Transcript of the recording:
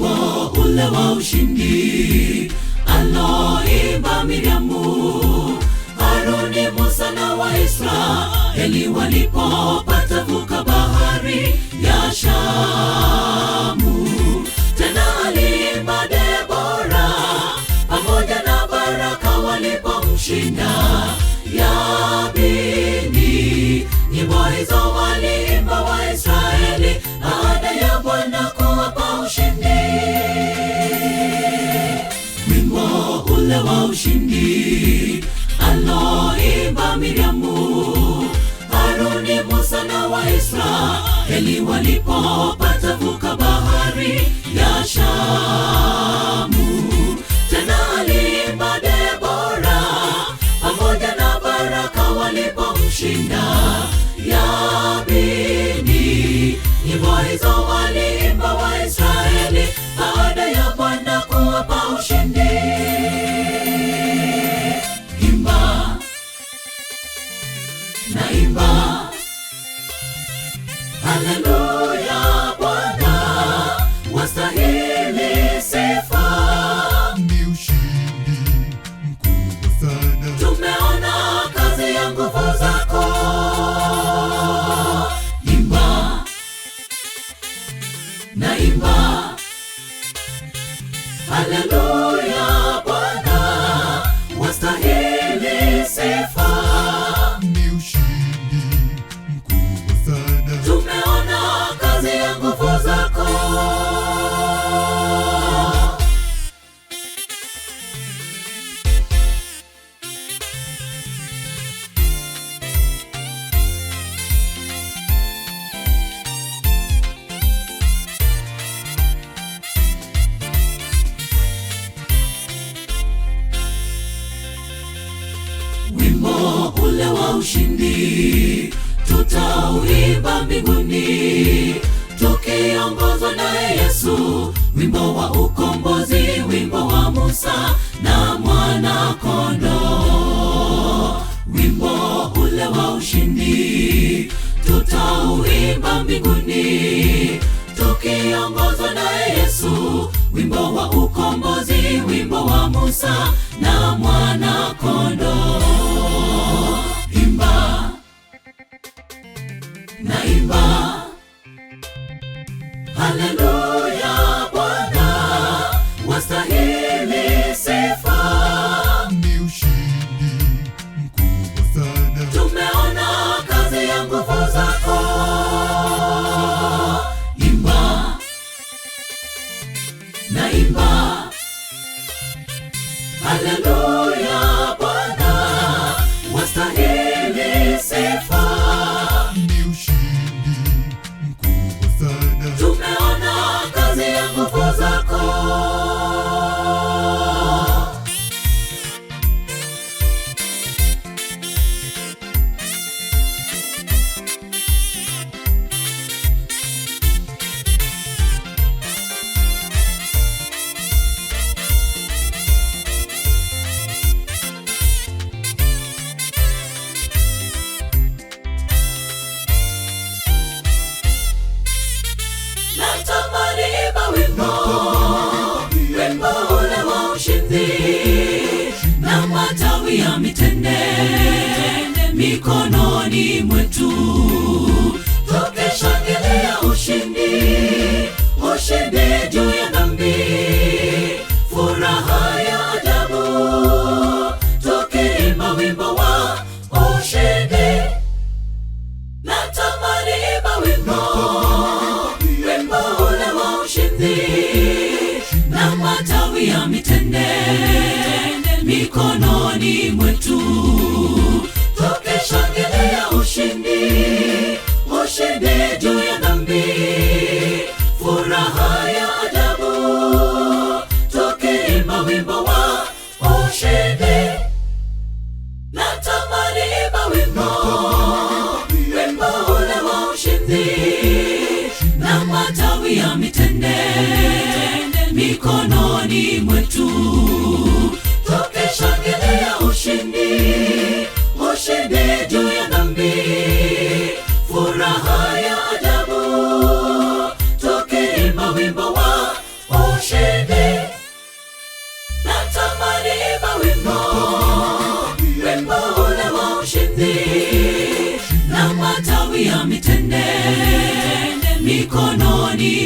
wimbo ule wa ushindi aloiba Miriamu, Haruni, Musa na Waisraeli walipopata vuka bahari ya Shamu. Tena aliimba Debora pamoja na Baraka walipomshinda Yabini, nyimbo hizo wali wa ushindi aloimba Miriamu, Haruni, Musa na Waisraeli walipopata vuka bahari ya Shamu. Tena aliimba Debora pamoja na Baraka walipomshinda Yabini. Nyimbo hizo naimba haleluya ushindi, tutauimba mbinguni, tukiongozwa na Yesu, wimbo wa ukombozi, wimbo wa Musa na mwana kondoo, wimbo ule wa ushindi, tutauimba mbinguni, tukiongozwa na Yesu, wimbo wa ukombozi, wimbo wa Musa na mwana kondoo. Hallelujah. wimbo, wimbo ule mikononi mwetu, tukishangilia ushindi, ushindi juu ya dhambi, furaha ya ajabu tukiimba wimbo kawia mitende mikononi mwetu, tukishangilia ushindi, ushindi juu ya dhambi, furaha ya ajabu, tukiimba wimbo wa ushindi. Natamani imba wimbo, wimbo ule wa ushindi na matawi ya mitende ndani mwetu, tukishangilia ushindi, ushindi juu ya dhambi, furaha ya ajabu, tukiimba wimbo wa ushindi. Natamani imba wimbo, wimbo ule wa ushindi, na matawi ya mitende mikononi